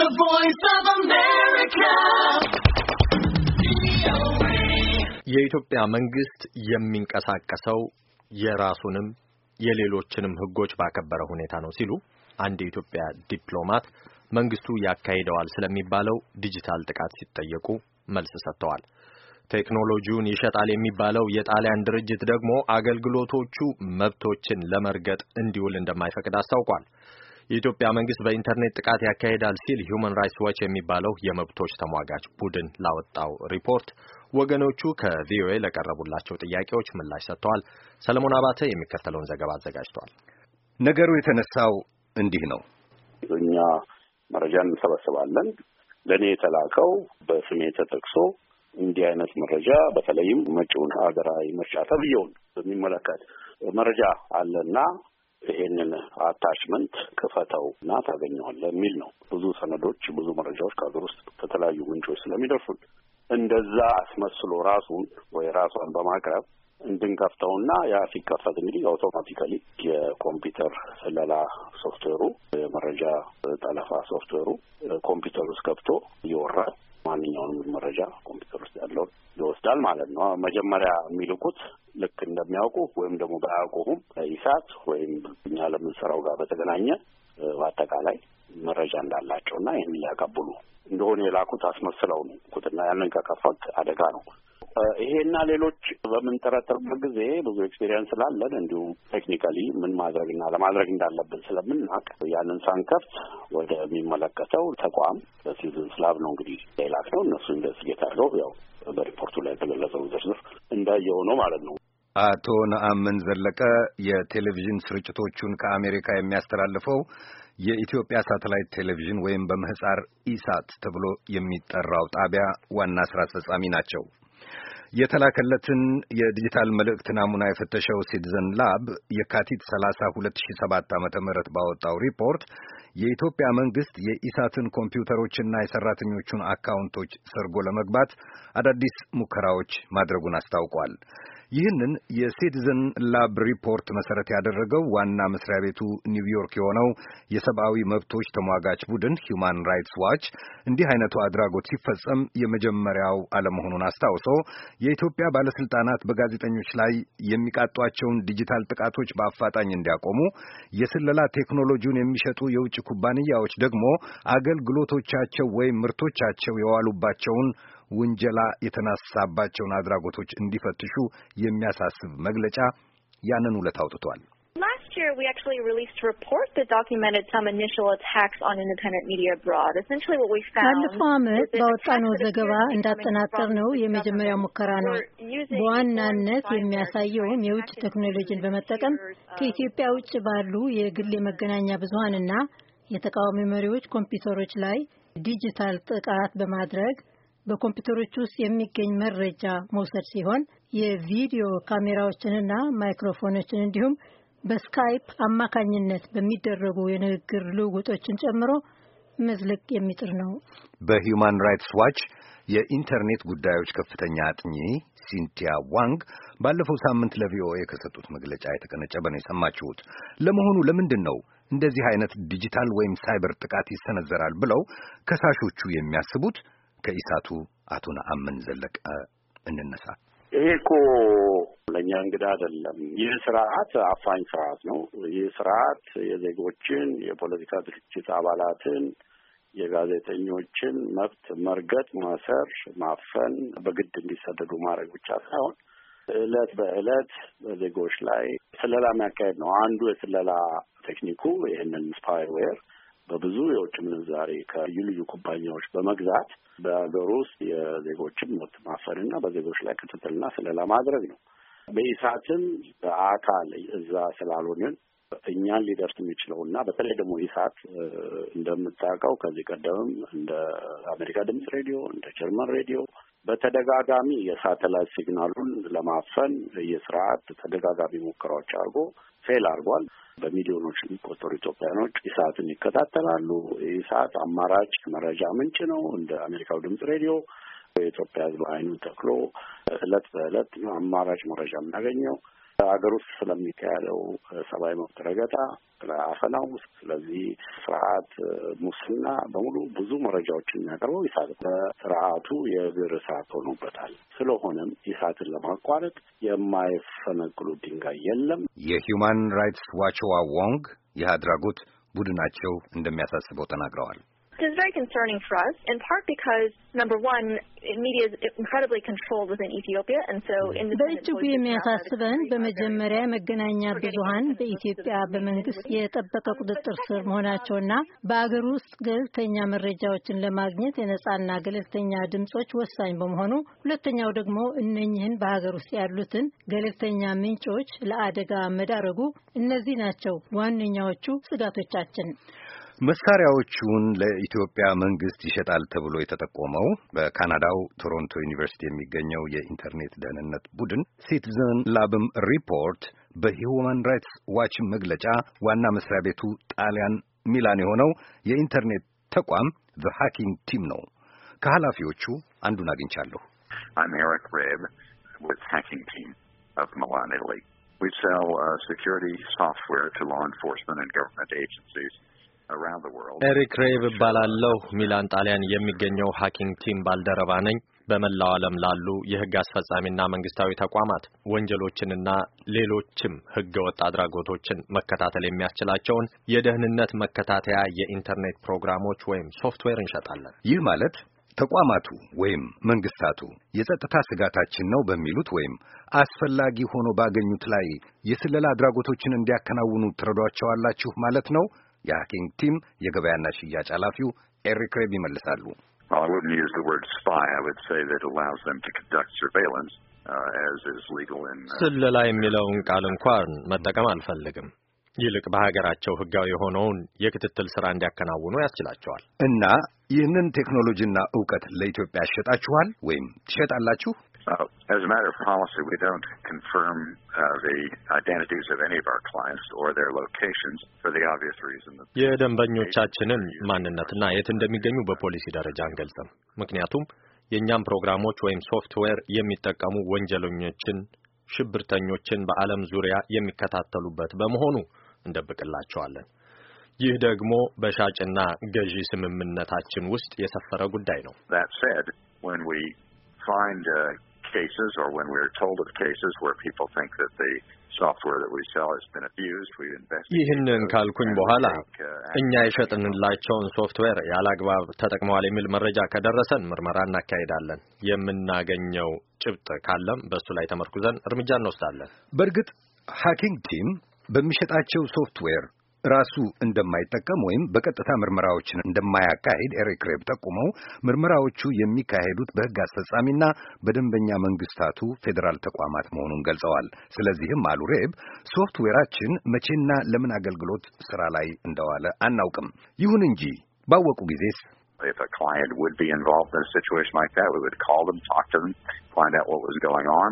The Voice of America. የኢትዮጵያ መንግስት የሚንቀሳቀሰው የራሱንም የሌሎችንም ህጎች ባከበረ ሁኔታ ነው ሲሉ አንድ የኢትዮጵያ ዲፕሎማት መንግስቱ ያካሂደዋል ስለሚባለው ዲጂታል ጥቃት ሲጠየቁ መልስ ሰጥተዋል። ቴክኖሎጂውን ይሸጣል የሚባለው የጣሊያን ድርጅት ደግሞ አገልግሎቶቹ መብቶችን ለመርገጥ እንዲውል እንደማይፈቅድ አስታውቋል። የኢትዮጵያ መንግስት በኢንተርኔት ጥቃት ያካሂዳል ሲል ሂዩማን ራይትስ ዋች የሚባለው የመብቶች ተሟጋች ቡድን ላወጣው ሪፖርት ወገኖቹ ከቪኦኤ ለቀረቡላቸው ጥያቄዎች ምላሽ ሰጥተዋል። ሰለሞን አባተ የሚከተለውን ዘገባ አዘጋጅቷል። ነገሩ የተነሳው እንዲህ ነው። እኛ መረጃ እንሰበስባለን። ለእኔ የተላከው በስሜ ተጠቅሶ እንዲህ አይነት መረጃ በተለይም መጪውን ሀገራዊ ምርጫ ተብዬውን በሚመለከት መረጃ አለና ይሄንን አታችመንት ክፈተው እና ታገኘዋለህ የሚል ነው። ብዙ ሰነዶች፣ ብዙ መረጃዎች ከሀገር ውስጥ ከተለያዩ ምንጮች ስለሚደርሱን እንደዛ አስመስሎ ራሱን ወይ ራሷን በማቅረብ እንድንከፍተውና ያ ሲከፈት እንግዲህ አውቶማቲካሊ የኮምፒውተር ስለላ ሶፍትዌሩ የመረጃ ጠለፋ ሶፍትዌሩ ኮምፒውተር ውስጥ ገብቶ ይወራል። ማንኛውንም መረጃ ኮምፒውተር ውስጥ ያለውን ይወስዳል ማለት ነው። መጀመሪያ የሚልኩት ልክ እንደሚያውቁ ወይም ደግሞ ባያውቁም ኢሳት ወይም እኛ ለምንሰራው ጋር በተገናኘ በአጠቃላይ መረጃ እንዳላቸው እና ይህን ሊያቀብሉ እንደሆነ የላኩት አስመስለው ነው። ቁጥና ያንን ከከፈት አደጋ ነው። ይሄና ሌሎች በምንጠረጥርበት ጊዜ ብዙ ኤክስፔሪንስ ስላለን እንዲሁም ቴክኒካሊ ምን ማድረግና ለማድረግ እንዳለብን ስለምናቅ ያንን ሳንከፍት ወደሚመለከተው ተቋም በሲዝን ስላብ ነው እንግዲህ ላይላክ ነው እነሱ ኢንቨስቲጌት አድርገው ያው በሪፖርቱ ላይ የተገለጸው ዝርዝር እንዳየው ነው ማለት ነው። አቶ ነአምን ዘለቀ የቴሌቪዥን ስርጭቶቹን ከአሜሪካ የሚያስተላልፈው የኢትዮጵያ ሳተላይት ቴሌቪዥን ወይም በምህጻር ኢሳት ተብሎ የሚጠራው ጣቢያ ዋና ስራ አስፈጻሚ ናቸው። የተላከለትን የዲጂታል መልእክት ናሙና የፈተሸው ሲቲዘን ላብ የካቲት 30 2007 ዓ ም ባወጣው ሪፖርት የኢትዮጵያ መንግሥት የኢሳትን ኮምፒውተሮችና የሠራተኞቹን አካውንቶች ሰርጎ ለመግባት አዳዲስ ሙከራዎች ማድረጉን አስታውቋል። ይህንን የሲቲዝን ላብ ሪፖርት መሰረት ያደረገው ዋና መስሪያ ቤቱ ኒውዮርክ የሆነው የሰብአዊ መብቶች ተሟጋች ቡድን ሂዩማን ራይትስ ዋች እንዲህ አይነቱ አድራጎት ሲፈጸም የመጀመሪያው አለመሆኑን አስታውሶ የኢትዮጵያ ባለስልጣናት በጋዜጠኞች ላይ የሚቃጧቸውን ዲጂታል ጥቃቶች በአፋጣኝ እንዲያቆሙ፣ የስለላ ቴክኖሎጂውን የሚሸጡ የውጭ ኩባንያዎች ደግሞ አገልግሎቶቻቸው ወይም ምርቶቻቸው የዋሉባቸውን ውንጀላ የተነሳባቸውን አድራጎቶች እንዲፈትሹ የሚያሳስብ መግለጫ ያንን ውለት አውጥቷል። ባለፈው ዓመት ባወጣነው ዘገባ ነው የመጀመሪያው ሙከራ ነው። በዋናነት የሚያሳየውም የውጭ ቴክኖሎጂን በመጠቀም ከኢትዮጵያ ውጭ ባሉ የግል የመገናኛ ብዙሀንና የተቃዋሚ መሪዎች ኮምፒውተሮች ላይ ዲጂታል ጥቃት በማድረግ በኮምፒውተሮች ውስጥ የሚገኝ መረጃ መውሰድ ሲሆን የቪዲዮ ካሜራዎችንና ማይክሮፎኖችን እንዲሁም በስካይፕ አማካኝነት በሚደረጉ የንግግር ልውውጦችን ጨምሮ መዝለቅ የሚጥር ነው። በሂዩማን ራይትስ ዋች የኢንተርኔት ጉዳዮች ከፍተኛ አጥኚ ሲንቲያ ዋንግ ባለፈው ሳምንት ለቪኦኤ ከሰጡት መግለጫ የተቀነጨበ ነው የሰማችሁት። ለመሆኑ ለምንድን ነው እንደዚህ አይነት ዲጂታል ወይም ሳይበር ጥቃት ይሰነዘራል ብለው ከሳሾቹ የሚያስቡት? ከኢሳቱ አቶ ነአምን ዘለቀ እንነሳ። ይሄ እኮ ለእኛ እንግዳ አይደለም። ይህ ስርዓት አፋኝ ስርዓት ነው። ይህ ስርዓት የዜጎችን የፖለቲካ ድርጅት አባላትን የጋዜጠኞችን መብት መርገጥ፣ ማሰር፣ ማፈን፣ በግድ እንዲሰደዱ ማድረግ ብቻ ሳይሆን እለት በእለት በዜጎች ላይ ስለላ የሚያካሄድ ነው። አንዱ የስለላ ቴክኒኩ ይህንን ስፓይዌር በብዙ የውጭ ምንዛሬ ከልዩ ልዩ ኩባንያዎች በመግዛት በሀገር ውስጥ የዜጎችን ሞት ማፈንና በዜጎች ላይ ክትትልና ስለላ ማድረግ ነው። በኢሳትም በአካል እዛ ስላልሆንን እኛን ሊደርስ የሚችለው እና በተለይ ደግሞ ኢሳት እንደምታውቀው ከዚህ ቀደምም እንደ አሜሪካ ድምፅ ሬዲዮ፣ እንደ ጀርመን ሬዲዮ በተደጋጋሚ የሳተላይት ሲግናሉን ለማፈን የስርዓት ተደጋጋሚ ሙከራዎች አድርጎ ፌል አድርጓል። በሚሊዮኖች የሚቆጠሩ ኢትዮጵያኖች ኢሳትን ይከታተላሉ። ኢሳት አማራጭ መረጃ ምንጭ ነው። እንደ አሜሪካው ድምጽ ሬዲዮ የኢትዮጵያ ሕዝብ አይኑን ተክሎ እለት በእለት አማራጭ መረጃ የምናገኘው ሀገር ውስጥ ስለሚካሄደው ሰብአዊ መብት ረገጣ፣ ስለ አፈናው፣ ስለዚህ ስርዓት ሙስና በሙሉ ብዙ መረጃዎችን የሚያቀርበው ኢሳት በስርዓቱ የእግር እሳት ሆኖበታል። ስለሆነም ኢሳትን ለማቋረጥ የማይፈነቅሉ ድንጋይ የለም። የሂውማን ራይትስ ዋችዋ ዎንግ ይህ አድራጎት ቡድናቸው እንደሚያሳስበው ተናግረዋል። This is very concerning for us, in part because, number one, media is incredibly controlled within Ethiopia, and so mm. in the የሚያሳስበን በመጀመሪያ መገናኛ ብዙሃን በኢትዮጵያ በመንግስት የጠበቀ ቁጥጥር ስር መሆናቸውና በአገር ውስጥ ገለልተኛ መረጃዎችን ለማግኘት የነጻና ገለልተኛ ድምጾች ወሳኝ በመሆኑ፣ ሁለተኛው ደግሞ እነኝህን በሀገር ውስጥ ያሉትን ገለልተኛ ምንጮች ለአደጋ መዳረጉ፣ እነዚህ ናቸው ዋነኛዎቹ ስጋቶቻችን። መሳሪያዎቹን ለኢትዮጵያ መንግስት ይሸጣል ተብሎ የተጠቆመው በካናዳው ቶሮንቶ ዩኒቨርሲቲ የሚገኘው የኢንተርኔት ደህንነት ቡድን ሲቲዘን ላብም ሪፖርት በሂውማን ራይትስ ዋች መግለጫ ዋና መስሪያ ቤቱ ጣሊያን ሚላን የሆነው የኢንተርኔት ተቋም ዘ ሃኪንግ ቲም ነው። ከኃላፊዎቹ አንዱን አግኝቻለሁ። We sell uh, security software to ኤሪክ ሬቭ እባላለሁ። ሚላን ጣሊያን የሚገኘው ሀኪንግ ቲም ባልደረባ ነኝ። በመላው ዓለም ላሉ የህግ አስፈጻሚና መንግስታዊ ተቋማት ወንጀሎችንና ሌሎችም ህገወጥ አድራጎቶችን መከታተል የሚያስችላቸውን የደህንነት መከታተያ የኢንተርኔት ፕሮግራሞች ወይም ሶፍትዌር እንሸጣለን። ይህ ማለት ተቋማቱ ወይም መንግስታቱ የጸጥታ ስጋታችን ነው በሚሉት ወይም አስፈላጊ ሆኖ ባገኙት ላይ የስለላ አድራጎቶችን እንዲያከናውኑ ትረዷቸዋላችሁ ማለት ነው። የሀኪንግ ቲም የገበያና ሽያጭ ኃላፊው ኤሪክ ሬብ ይመልሳሉ። uh, uh, ስለላ የሚለውን ቃል እንኳን መጠቀም አልፈልግም። ይልቅ በሀገራቸው ህጋዊ የሆነውን የክትትል ስራ እንዲያከናውኑ ያስችላቸዋል። እና ይህንን ቴክኖሎጂና እውቀት ለኢትዮጵያ ሸጣችኋል ወይም ትሸጣላችሁ? Uh, as a matter of policy, we don't confirm uh, the identities of any of our clients or their locations for the obvious reason that የደንበኞቻችንን ማንነትና የት እንደሚገኙ በፖሊሲ ደረጃ አንገልጽም። ምክንያቱም የእኛም ፕሮግራሞች ወይም ሶፍትዌር የሚጠቀሙ ወንጀለኞችን፣ ሽብርተኞችን በዓለም ዙሪያ የሚከታተሉበት በመሆኑ እንደብቅላቸዋለን። ይህ ደግሞ በሻጭና ገዢ ስምምነታችን ውስጥ የሰፈረ ጉዳይ ነው። That said, when we find a cases or when we're told of cases where people think that the software that we sell has been abused, we investigate. ይህንን ካልኩኝ በኋላ uh, እኛ የሸጥንላቸውን ሶፍትዌር ያላግባብ ተጠቅመዋል የሚል መረጃ ከደረሰን ምርመራ እናካሄዳለን። የምናገኘው ጭብጥ ካለም በእሱ ላይ ተመርኩዘን እርምጃ እንወስዳለን። በእርግጥ ሃኪንግ ቲም በሚሸጣቸው ሶፍትዌር ራሱ እንደማይጠቀም ወይም በቀጥታ ምርመራዎችን እንደማያካሄድ ኤሪክ ሬብ ጠቁመው ምርመራዎቹ የሚካሄዱት በሕግ አስፈጻሚና በደንበኛ መንግስታቱ ፌዴራል ተቋማት መሆኑን ገልጸዋል። ስለዚህም አሉ ሬብ ሶፍትዌራችን መቼና ለምን አገልግሎት ስራ ላይ እንደዋለ አናውቅም። ይሁን እንጂ ባወቁ ጊዜስ If a client would be involved in a situation like that, we would call them, talk to them, find out what was going on.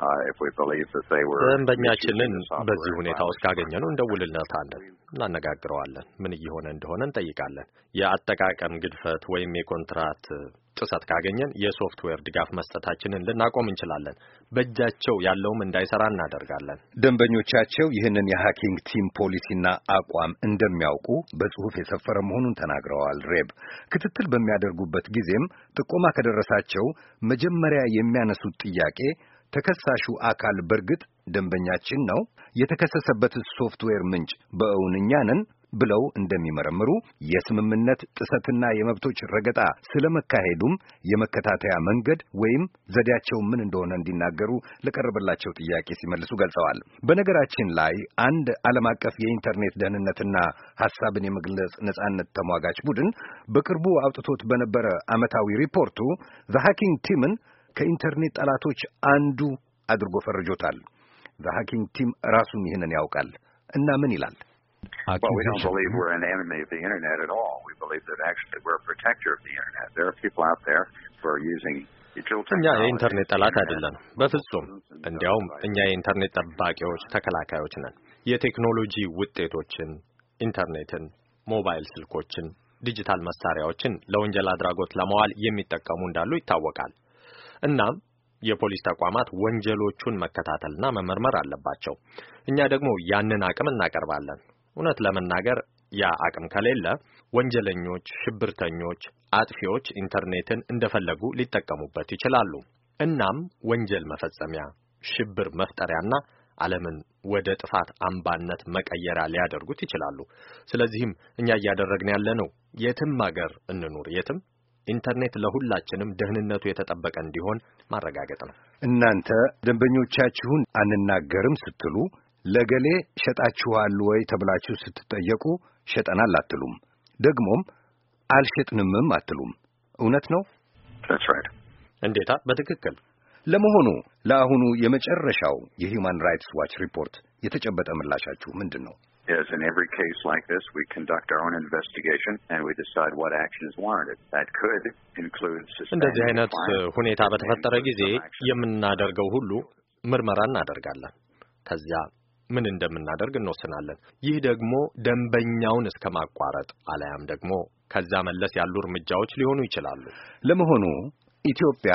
ደንበኛችንን uh, በዚህ ሁኔታ ውስጥ ካገኘን እንደውልለታለን፣ እናነጋግረዋለን። ምን እየሆነ እንደሆነ እንጠይቃለን። የአጠቃቀም ግድፈት ወይም የኮንትራት ጥሰት ካገኘን የሶፍትዌር ድጋፍ መስጠታችንን ልናቆም እንችላለን። በእጃቸው ያለውም እንዳይሰራ እናደርጋለን። ደንበኞቻቸው ይህንን የሀኪንግ ቲም ፖሊሲና አቋም እንደሚያውቁ በጽሁፍ የሰፈረ መሆኑን ተናግረዋል። ሬብ ክትትል በሚያደርጉበት ጊዜም ጥቆማ ከደረሳቸው መጀመሪያ የሚያነሱት ጥያቄ ተከሳሹ አካል በርግጥ ደንበኛችን ነው፣ የተከሰሰበት ሶፍትዌር ምንጭ በእውንኛ ነን ብለው እንደሚመረምሩ የስምምነት ጥሰትና የመብቶች ረገጣ ስለመካሄዱም የመከታተያ መንገድ ወይም ዘዴያቸው ምን እንደሆነ እንዲናገሩ ለቀረበላቸው ጥያቄ ሲመልሱ ገልጸዋል። በነገራችን ላይ አንድ ዓለም አቀፍ የኢንተርኔት ደህንነትና ሐሳብን የመግለጽ ነጻነት ተሟጋች ቡድን በቅርቡ አውጥቶት በነበረ ዓመታዊ ሪፖርቱ ዘ ሃኪንግ ቲምን ከኢንተርኔት ጠላቶች አንዱ አድርጎ ፈርጆታል። ዘሐኪንግ ቲም ራሱም ይህንን ያውቃል እና ምን ይላል? እኛ የኢንተርኔት ጠላት አይደለን በፍጹም እንዲያውም እኛ የኢንተርኔት ጠባቂዎች፣ ተከላካዮች ነን። የቴክኖሎጂ ውጤቶችን፣ ኢንተርኔትን፣ ሞባይል ስልኮችን፣ ዲጂታል መሳሪያዎችን ለወንጀል አድራጎት ለመዋል የሚጠቀሙ እንዳሉ ይታወቃል። እናም የፖሊስ ተቋማት ወንጀሎቹን መከታተልና መመርመር አለባቸው። እኛ ደግሞ ያንን አቅም እናቀርባለን። እውነት ለመናገር ያ አቅም ከሌለ ወንጀለኞች፣ ሽብርተኞች፣ አጥፊዎች ኢንተርኔትን እንደፈለጉ ሊጠቀሙበት ይችላሉ። እናም ወንጀል መፈጸሚያ፣ ሽብር መፍጠሪያና ዓለምን ወደ ጥፋት አምባነት መቀየሪያ ሊያደርጉት ይችላሉ። ስለዚህም እኛ እያደረግን ያለነው የትም አገር እንኑር የትም ኢንተርኔት ለሁላችንም ደህንነቱ የተጠበቀ እንዲሆን ማረጋገጥ ነው። እናንተ ደንበኞቻችሁን አንናገርም ስትሉ ለገሌ ሸጣችኋል ወይ ተብላችሁ ስትጠየቁ ሸጠናል አትሉም። ደግሞም አልሸጥንምም አትሉም። እውነት ነው? እንዴታ! በትክክል ለመሆኑ ለአሁኑ የመጨረሻው የሂውማን ራይትስ ዋች ሪፖርት የተጨበጠ ምላሻችሁ ምንድን ነው? is in every case like this, we conduct our own investigation and we decide what action is warranted. That could include እንደዚህ አይነት uh, ሁኔታ በተፈጠረ ጊዜ የምናደርገው ሁሉ ምርመራ እናደርጋለን። ከዚያ ምን እንደምናደርግ እንወስናለን። ይህ ደግሞ ደንበኛውን እስከ ማቋረጥ አለያም ደግሞ ከዛ መለስ ያሉ እርምጃዎች ሊሆኑ ይችላሉ። ለመሆኑ ኢትዮጵያ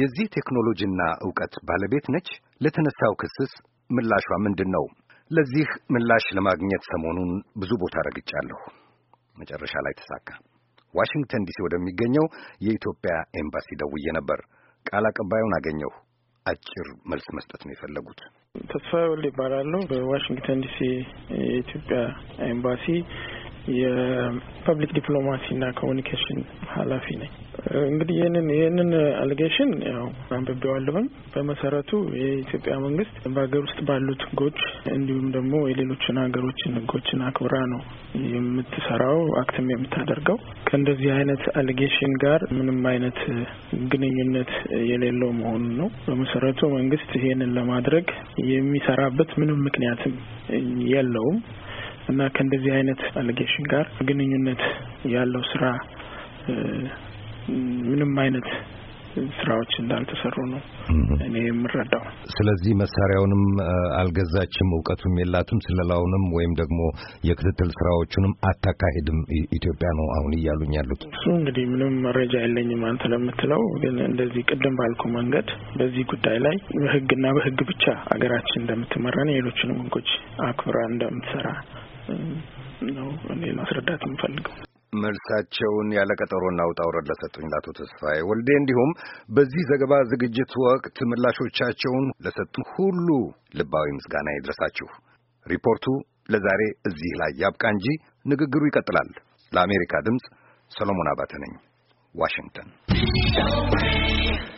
የዚህ ቴክኖሎጂና ዕውቀት ባለቤት ነች? ለተነሳው ክስስ ምላሿ ምንድን ነው? ለዚህ ምላሽ ለማግኘት ሰሞኑን ብዙ ቦታ ረግጫለሁ። መጨረሻ ላይ ተሳካ። ዋሽንግተን ዲሲ ወደሚገኘው የኢትዮጵያ ኤምባሲ ደውዬ ነበር። ቃል አቀባዩን አገኘሁ። አጭር መልስ መስጠት ነው የፈለጉት። ተስፋ ወልድ ይባላለሁ። በዋሽንግተን ዲሲ የኢትዮጵያ ኤምባሲ የፐብሊክ ዲፕሎማሲና ኮሚኒኬሽን ኃላፊ ነኝ። እንግዲህ ይህንን ይህንን አሊጌሽን ያው አንብቤዋለሁኝ። በመሰረቱ የኢትዮጵያ መንግስት በሀገር ውስጥ ባሉት ህጎች እንዲሁም ደግሞ የሌሎችን ሀገሮችን ህጎችን አክብራ ነው የምትሰራው አክትም የምታደርገው። ከእንደዚህ አይነት አሊጌሽን ጋር ምንም አይነት ግንኙነት የሌለው መሆኑን ነው። በመሰረቱ መንግስት ይህንን ለማድረግ የሚሰራበት ምንም ምክንያትም የለውም። እና ከእንደዚህ አይነት አሊጌሽን ጋር ግንኙነት ያለው ስራ ምንም አይነት ስራዎች እንዳልተሰሩ ነው እኔ የምረዳው። ስለዚህ መሳሪያውንም አልገዛችም፣ እውቀቱም የላትም፣ ስለላውንም ወይም ደግሞ የክትትል ስራዎቹንም አታካሄድም ኢትዮጵያ ነው አሁን እያሉኝ ያሉት። እሱ እንግዲህ ምንም መረጃ የለኝም አንተ ለምትለው ግን፣ እንደዚህ ቅድም ባልኩ መንገድ በዚህ ጉዳይ ላይ በህግና በህግ ብቻ ሀገራችን እንደምትመራን የሌሎችንም ህጎች አክብራ እንደምትሰራ ነው እኔ ማስረዳት የምፈልገው። መልሳቸውን ያለ ቀጠሮና ውጣ ውረድ ለሰጡኝ ለአቶ ተስፋዬ ወልዴ እንዲሁም በዚህ ዘገባ ዝግጅት ወቅት ምላሾቻቸውን ለሰጡ ሁሉ ልባዊ ምስጋና ይድረሳችሁ። ሪፖርቱ ለዛሬ እዚህ ላይ ያብቃ እንጂ ንግግሩ ይቀጥላል። ለአሜሪካ ድምፅ ሰሎሞን አባተ ነኝ፣ ዋሽንግተን